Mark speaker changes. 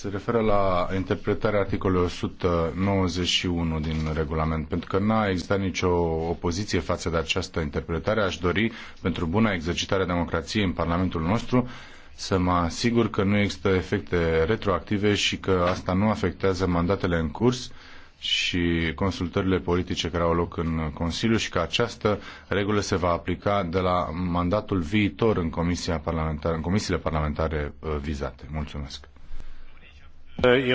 Speaker 1: se referă la interpretarea articolului 191 din regulament. Pentru că n-a existat nicio opoziție față de această interpretare, aș dori, pentru buna exercitare a democrației în Parlamentul nostru, să mă asigur că nu există efecte retroactive și că asta nu afectează mandatele în curs și consultările politice care au loc în Consiliu și că această regulă se va aplica de la mandatul viitor în, comisia parlamentară, în comisiile parlamentare uh, vizate. Mulțumesc.
Speaker 2: Äh, ihre frage.